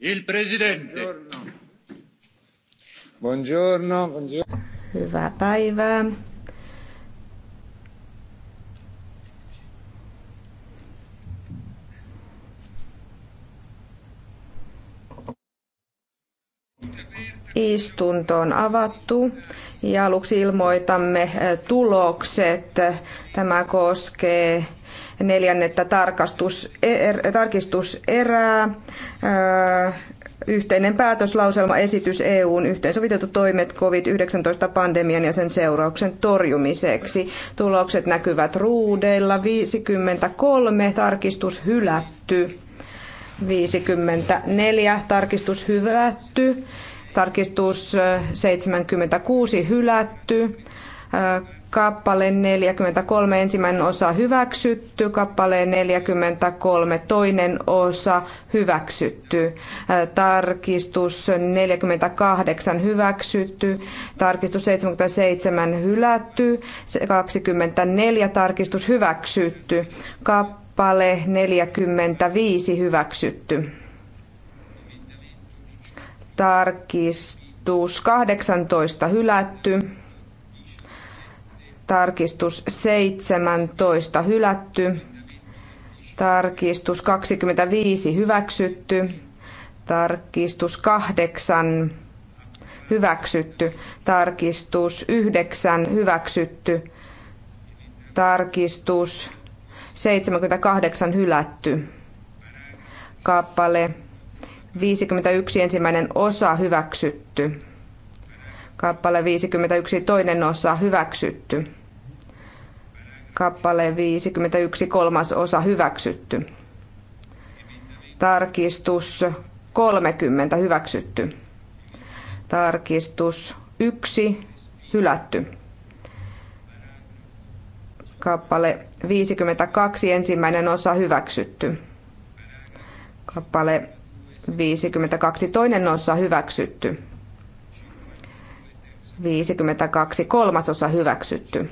Il presidente. Buongiorno. Buongiorno. Hyvää päivää. Istunto on avattu ja aluksi ilmoitamme tulokset. Tämä koskee neljännettä tarkastus, er, tarkistuserää, öö, yhteinen yhteinen esitys EUn yhteensovitettu toimet COVID-19-pandemian ja sen seurauksen torjumiseksi. Tulokset näkyvät ruudeilla. 53 tarkistus hylätty. 54 tarkistus hylätty. Tarkistus 76 hylätty kappale 43 ensimmäinen osa hyväksytty, kappale 43 toinen osa hyväksytty, tarkistus 48 hyväksytty, tarkistus 77 hylätty, 24 tarkistus hyväksytty, kappale 45 hyväksytty. Tarkistus 18 hylätty Tarkistus 17 hylätty. Tarkistus 25 hyväksytty. Tarkistus 8 hyväksytty. Tarkistus 9 hyväksytty. Tarkistus 78 hylätty. Kappale 51 ensimmäinen osa hyväksytty. Kappale 51 toinen osa hyväksytty kappale 51 kolmas osa hyväksytty. Tarkistus 30 hyväksytty. Tarkistus 1 hylätty. Kappale 52 ensimmäinen osa hyväksytty. Kappale 52 toinen osa hyväksytty. 52 kolmas osa hyväksytty.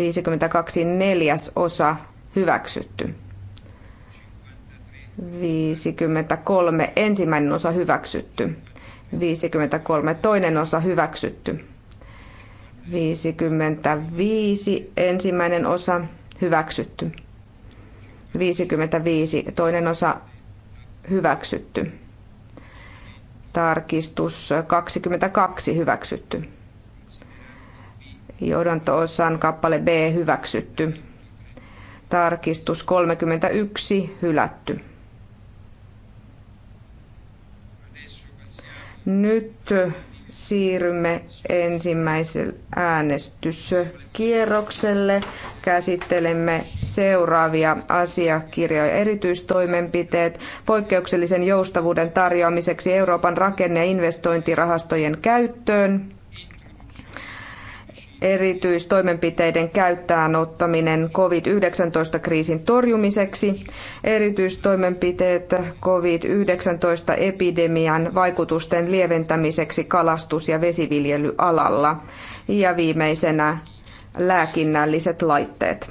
52 neljäs osa hyväksytty. 53 ensimmäinen osa hyväksytty. 53 toinen osa hyväksytty. 55 ensimmäinen osa hyväksytty. 55 toinen osa hyväksytty. Tarkistus 22 hyväksytty johdanto-osan kappale B hyväksytty. Tarkistus 31 hylätty. Nyt siirrymme ensimmäiselle äänestyskierrokselle. Käsittelemme seuraavia asiakirjoja. Erityistoimenpiteet poikkeuksellisen joustavuuden tarjoamiseksi Euroopan rakenne- ja investointirahastojen käyttöön erityistoimenpiteiden käyttäjän ottaminen COVID-19-kriisin torjumiseksi, erityistoimenpiteet COVID-19-epidemian vaikutusten lieventämiseksi kalastus- ja vesiviljelyalalla ja viimeisenä lääkinnälliset laitteet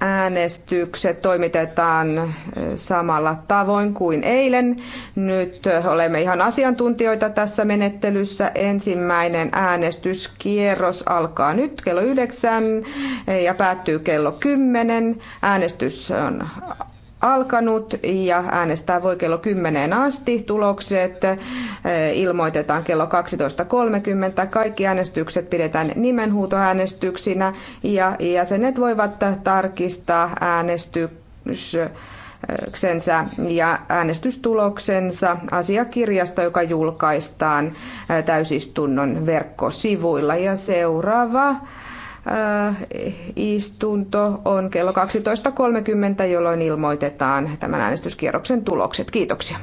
äänestykset toimitetaan samalla tavoin kuin eilen. Nyt olemme ihan asiantuntijoita tässä menettelyssä. Ensimmäinen äänestyskierros alkaa nyt kello 9 ja päättyy kello 10. Äänestys on alkanut ja äänestää voi kello 10 asti. Tulokset eh, ilmoitetaan kello 12.30. Kaikki äänestykset pidetään nimenhuutoäänestyksinä ja jäsenet voivat tarkistaa äänestys äänestyksensä ja äänestystuloksensa asiakirjasta, joka julkaistaan eh, täysistunnon verkkosivuilla. Ja seuraava Äh, istunto on kello 12.30, jolloin ilmoitetaan tämän äänestyskierroksen tulokset. Kiitoksia.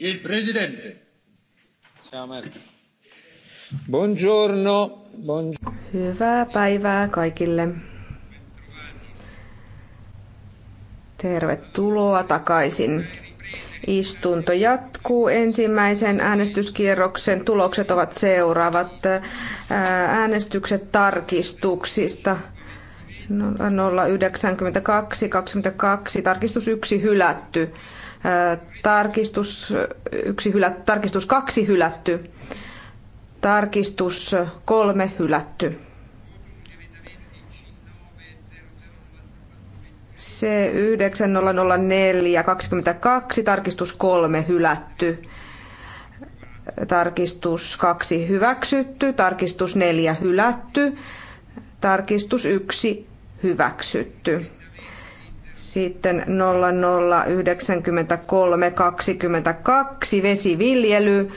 Il presidente. Ciao Merkel. Buongiorno. Buongiorno. Hyvää päivää kaikille. Tervetuloa takaisin. Istunto jatkuu. Ensimmäisen äänestyskierroksen tulokset ovat seuraavat. Äänestykset tarkistuksista. 092, no, 22, tarkistus 1 hylätty tarkistus, yksi hylätty, tarkistus kaksi hylätty, tarkistus kolme hylätty. c 9004 22, tarkistus kolme hylätty, tarkistus kaksi hyväksytty, tarkistus neljä hylätty, tarkistus yksi hyväksytty sitten 009322 vesiviljely,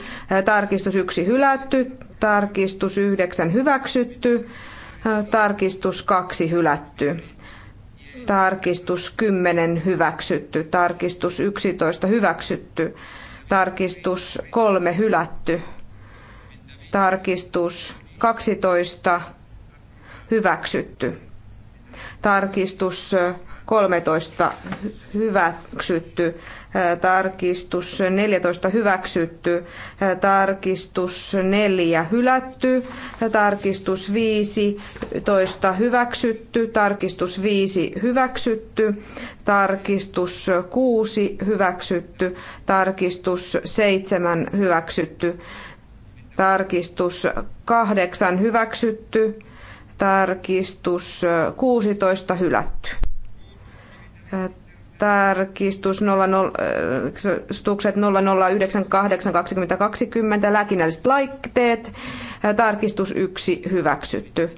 tarkistus 1 hylätty, tarkistus 9 hyväksytty, tarkistus 2 hylätty tarkistus 10 hyväksytty, tarkistus 11 hyväksytty, tarkistus 3 hylätty, tarkistus 12 hyväksytty, tarkistus 13 hyväksytty, tarkistus 14 hyväksytty, tarkistus 4 hylätty, tarkistus 15 hyväksytty, tarkistus 5 hyväksytty, tarkistus 6 hyväksytty, tarkistus 7 hyväksytty, tarkistus 8 hyväksytty, tarkistus 16 hylätty tarkistus 00, 009822020 lääkinnälliset laitteet, tarkistus 1 hyväksytty,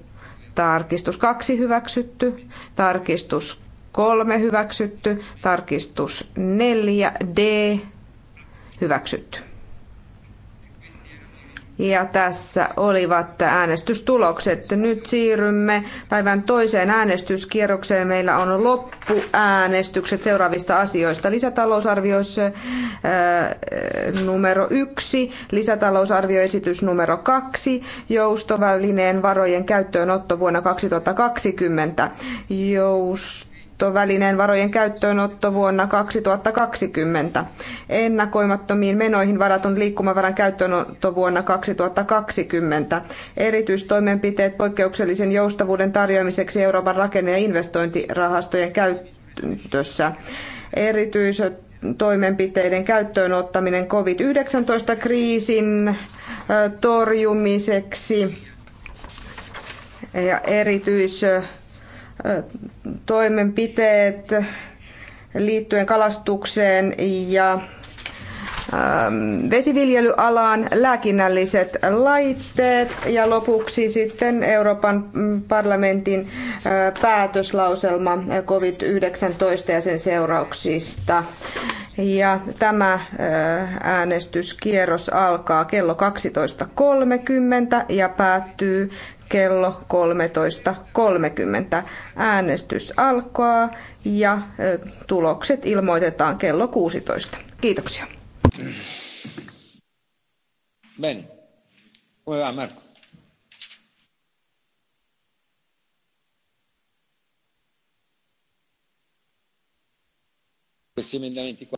tarkistus 2 hyväksytty, tarkistus 3 hyväksytty, tarkistus 4 D hyväksytty. Ja tässä olivat äänestystulokset. Nyt siirrymme päivän toiseen äänestyskierrokseen. Meillä on loppuäänestykset seuraavista asioista. Lisätalousarvioissa äh, numero yksi, lisätalousarvioesitys numero kaksi, joustovälineen varojen käyttöönotto vuonna 2020. Joust varantovälineen varojen käyttöönotto vuonna 2020. Ennakoimattomiin menoihin varatun liikkumavaran käyttöönotto vuonna 2020. Erityistoimenpiteet poikkeuksellisen joustavuuden tarjoamiseksi Euroopan rakenne- ja investointirahastojen käytössä. Erityiset toimenpiteiden käyttöönottaminen COVID-19-kriisin torjumiseksi ja erityis toimenpiteet liittyen kalastukseen ja ähm, vesiviljelyalaan lääkinnälliset laitteet ja lopuksi sitten Euroopan parlamentin äh, päätöslauselma äh, COVID-19 ja sen seurauksista. Ja tämä äh, äänestyskierros alkaa kello 12.30 ja päättyy kello 13.30. Äänestys alkaa ja tulokset ilmoitetaan kello 16. Kiitoksia. Bene. Hyvä, Marko. Questi emendamenti qua.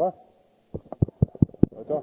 Hyvä. Oota.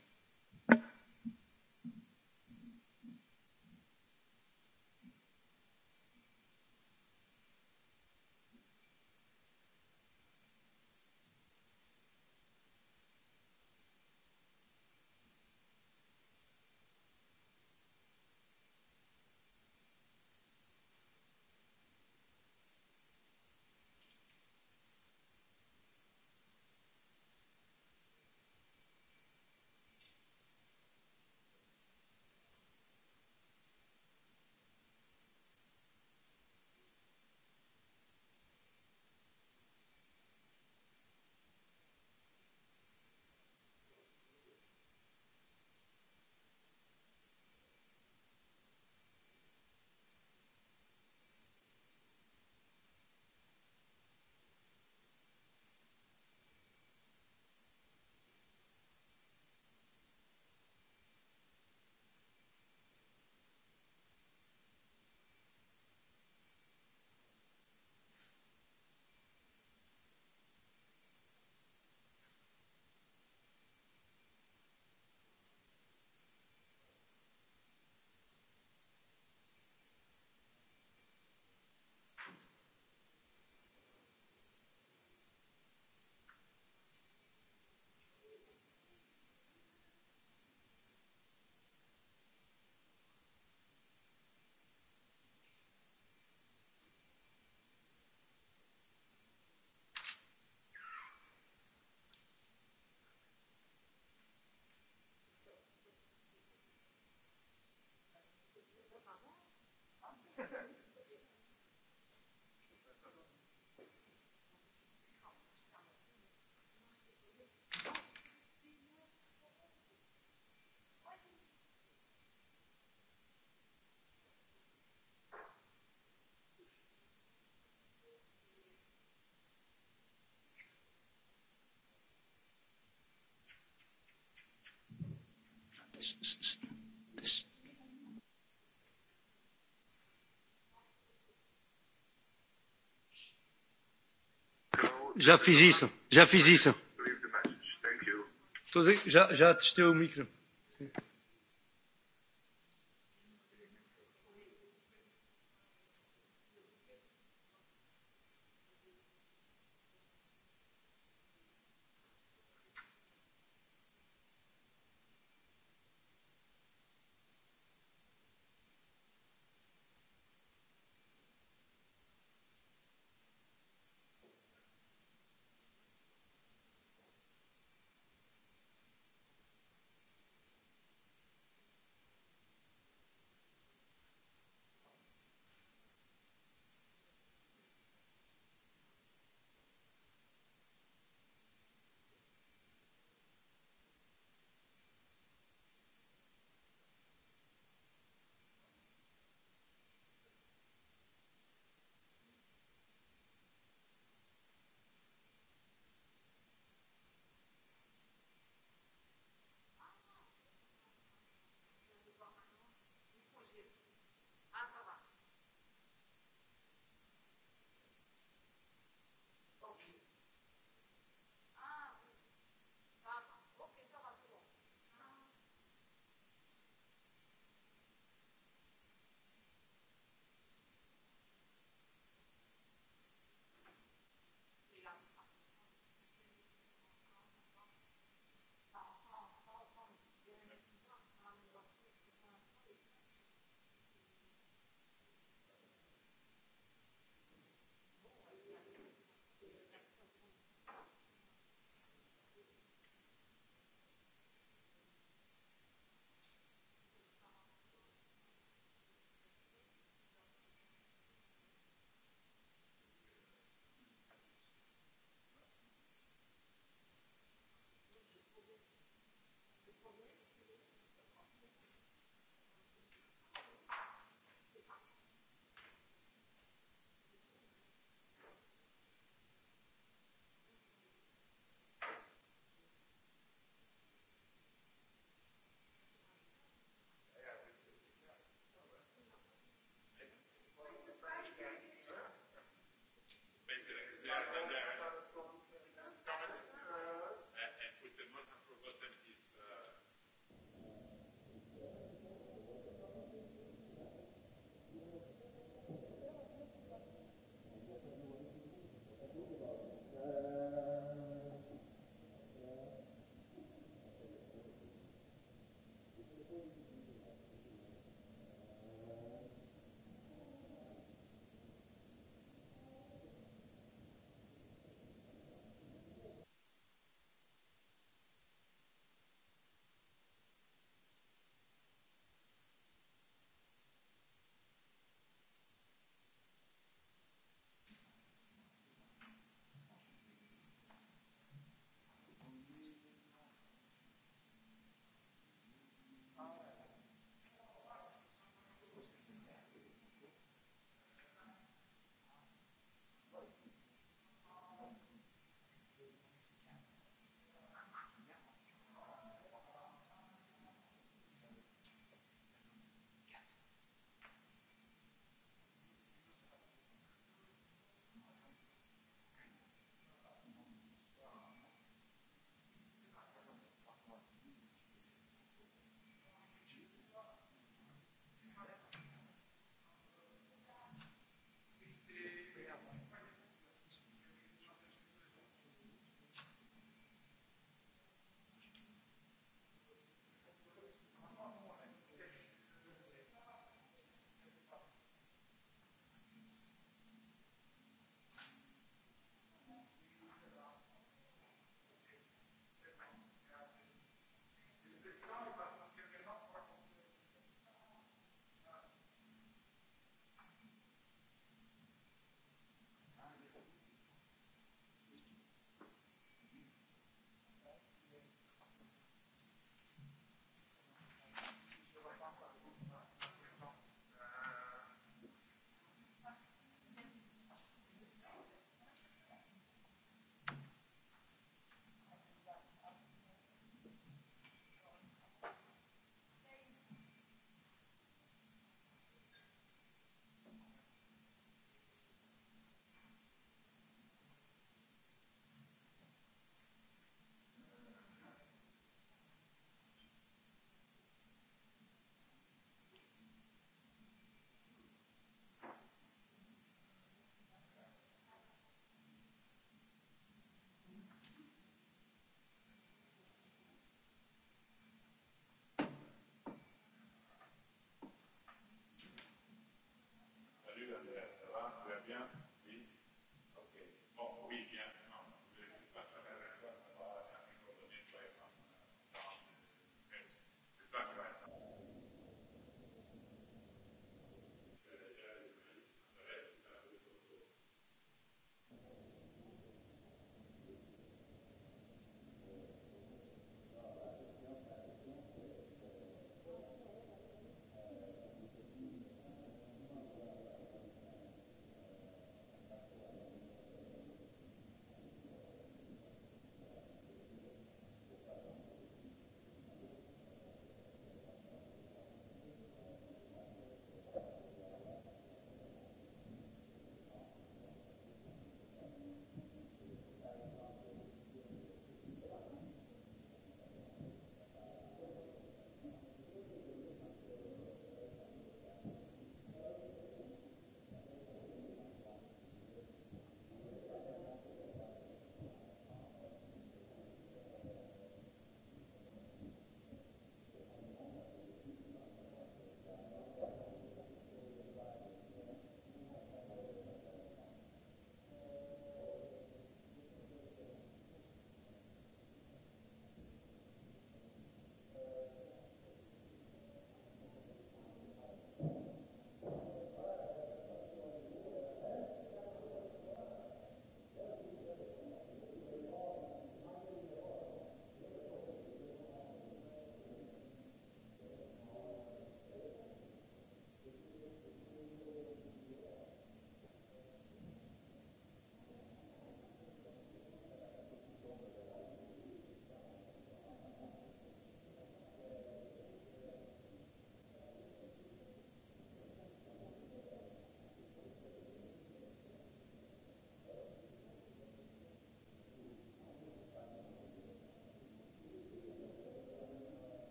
Já fiz isso, já fiz isso. Estou a dizer, já, já testei o micro. Sim.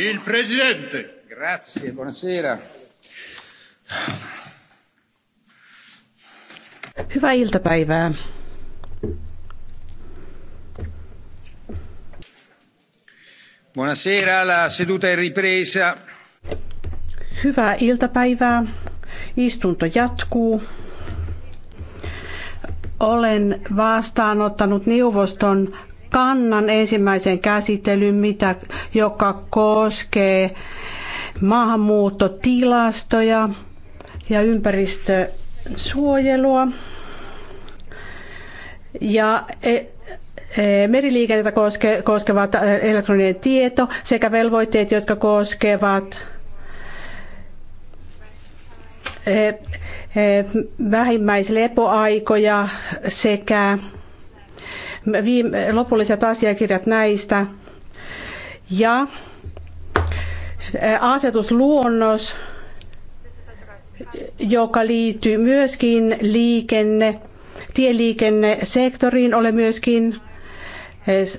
Il presidente. Grazie, buonasera. Hyvää iltapäivää. Buonasera, la seduta è ripresa. Hyvää iltapäivää. Istunto jatkuu. Olen vastaanottanut neuvoston kannan ensimmäiseen käsittelyyn, mitä, joka koskee maahanmuuttotilastoja ja ympäristösuojelua. Ja e, e, meriliikennettä koske, koskevat e, elektroninen tieto sekä velvoitteet, jotka koskevat vähimmäislepoaikoja sekä viime, lopulliset asiakirjat näistä. Ja asetusluonnos, joka liittyy myöskin liikenne, tieliikennesektoriin, ole myöskin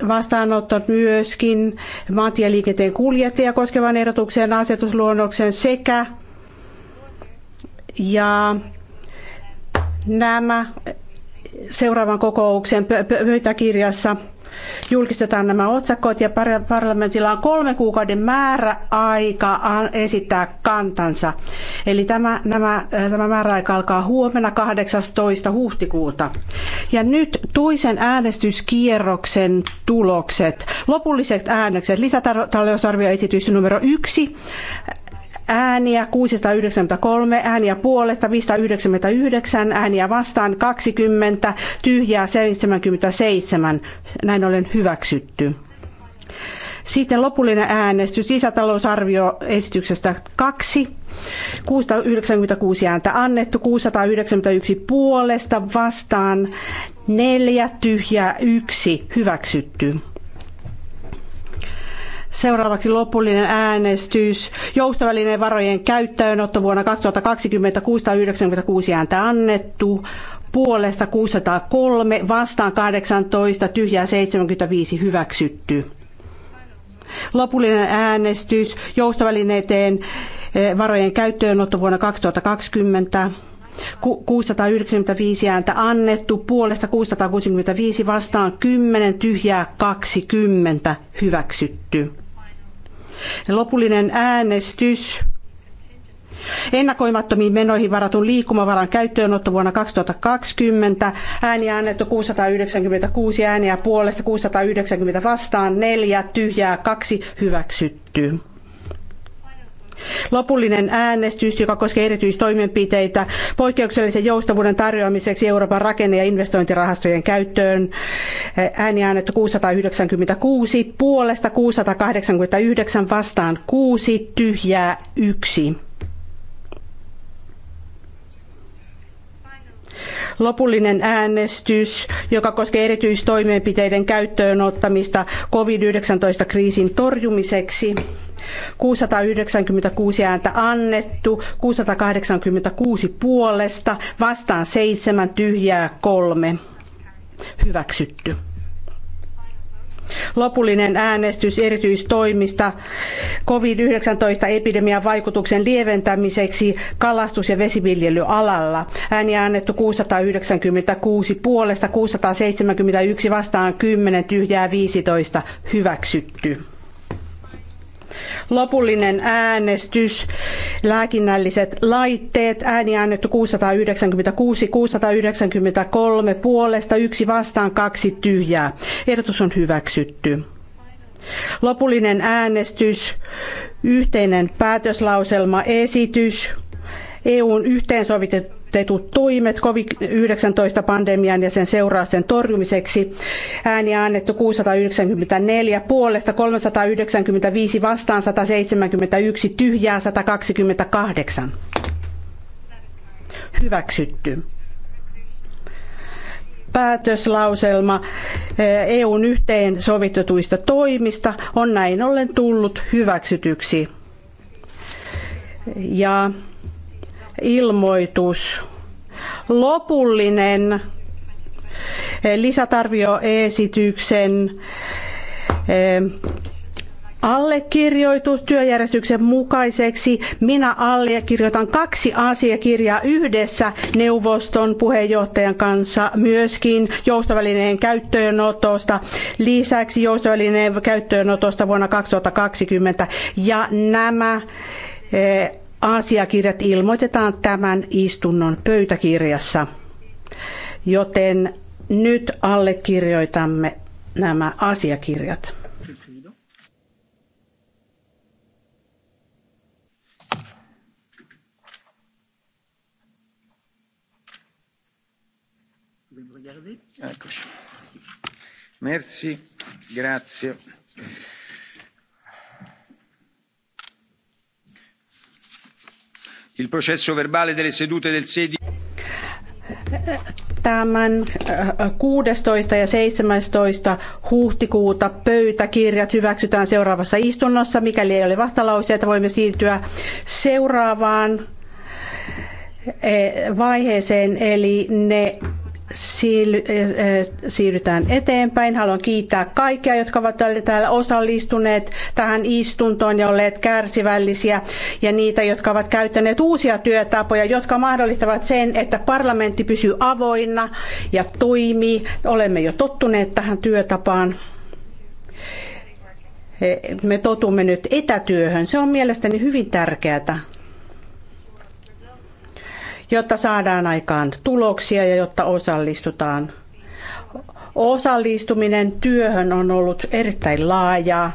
vastaanottanut myöskin maantieliikenteen kuljettajia koskevan ehdotuksen asetusluonnoksen sekä ja nämä seuraavan kokouksen pöytäkirjassa julkistetaan nämä otsakot ja parlamentilla on kolme kuukauden määräaika esittää kantansa. Eli tämä, nämä, äh, tämä määräaika alkaa huomenna 18. huhtikuuta. Ja nyt toisen äänestyskierroksen tulokset. Lopulliset äänestykset. Lisätalousarvioesitys numero yksi ääniä 693, ääniä puolesta 599, ääniä vastaan 20, tyhjää 77. Näin ollen hyväksytty. Sitten lopullinen äänestys lisätalousarvioesityksestä 2 696 ääntä annettu, 691 puolesta vastaan, 4 tyhjää, 1 hyväksytty. Seuraavaksi lopullinen äänestys. Joustovälineen varojen käyttöönotto vuonna 2020 696 ääntä annettu. Puolesta 603, vastaan 18, tyhjää 75 hyväksytty. Lopullinen äänestys joustovälineiden eh, varojen käyttöönotto vuonna 2020 695 ääntä annettu, puolesta 665 vastaan 10, tyhjää 20 hyväksytty. Lopullinen äänestys Ennakoimattomiin menoihin varatun liikkumavaran käyttöönotto vuonna 2020. Ääniä annettu 696 ääniä puolesta, 690 vastaan, 4 tyhjää, 2 hyväksytty. Lopullinen äänestys, joka koskee erityistoimenpiteitä poikkeuksellisen joustavuuden tarjoamiseksi Euroopan rakenne- ja investointirahastojen käyttöön. Ääni äänetty 696, puolesta 689, vastaan 6, tyhjää 1. lopullinen äänestys, joka koskee erityistoimenpiteiden käyttöönottamista COVID-19 kriisin torjumiseksi. 696 ääntä annettu, 686 puolesta, vastaan 7 tyhjää 3 hyväksytty. Lopullinen äänestys erityistoimista COVID-19-epidemian vaikutuksen lieventämiseksi kalastus- ja vesiviljelyalalla. Ääniä annettu 696 puolesta, 671 vastaan 10, tyhjää 15 hyväksytty. Lopullinen äänestys, lääkinnälliset laitteet, ääni äänetty 696, 693 puolesta, yksi vastaan, kaksi tyhjää. Ehdotus on hyväksytty. Lopullinen äänestys, yhteinen päätöslauselma, esitys, EUn yhteensovitettu suoritetut toimet COVID-19-pandemian ja sen seurausten torjumiseksi. Ääniä annettu 694 puolesta, 395 vastaan, 171 tyhjää, 128. Hyväksytty päätöslauselma eh, EUn yhteen sovitetuista toimista on näin ollen tullut hyväksytyksi. Ja ilmoitus. Lopullinen lisätarvioesityksen eh, allekirjoitus työjärjestyksen mukaiseksi. Minä allekirjoitan kaksi asiakirjaa yhdessä neuvoston puheenjohtajan kanssa myöskin joustovälineen käyttöönotosta, lisäksi joustovälineen käyttöönotosta vuonna 2020 ja nämä eh, asiakirjat ilmoitetaan tämän istunnon pöytäkirjassa, joten nyt allekirjoitamme nämä asiakirjat. Merci, grazie. Il processo verbale delle sedute del 16 tämän 16. Eh, ja 17. huhtikuuta pöytäkirjat hyväksytään seuraavassa istunnossa. Mikäli ei ole vastalauseita, voimme siirtyä seuraavaan eh, vaiheeseen, eli ne Eh, eh, siirrytään eteenpäin. Haluan kiittää kaikkia, jotka ovat täällä osallistuneet tähän istuntoon ja olleet kärsivällisiä ja niitä, jotka ovat käyttäneet uusia työtapoja, jotka mahdollistavat sen, että parlamentti pysyy avoinna ja toimii. Olemme jo tottuneet tähän työtapaan. Eh, me totumme nyt etätyöhön. Se on mielestäni hyvin tärkeää jotta saadaan aikaan tuloksia ja jotta osallistutaan. Osallistuminen työhön on ollut erittäin laajaa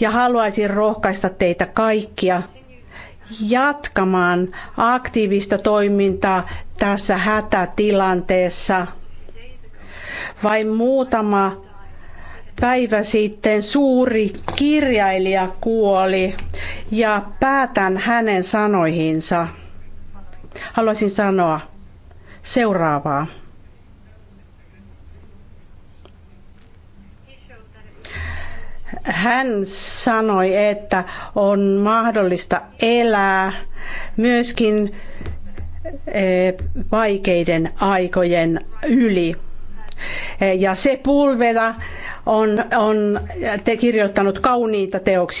ja haluaisin rohkaista teitä kaikkia jatkamaan aktiivista toimintaa tässä hätätilanteessa. Vain muutama päivä sitten suuri kirjailija kuoli ja päätän hänen sanoihinsa haluaisin sanoa seuraavaa. Hän sanoi, että on mahdollista elää myöskin eh, vaikeiden aikojen yli. Eh, ja se pulveda on, on te kirjoittanut kauniita teoksia.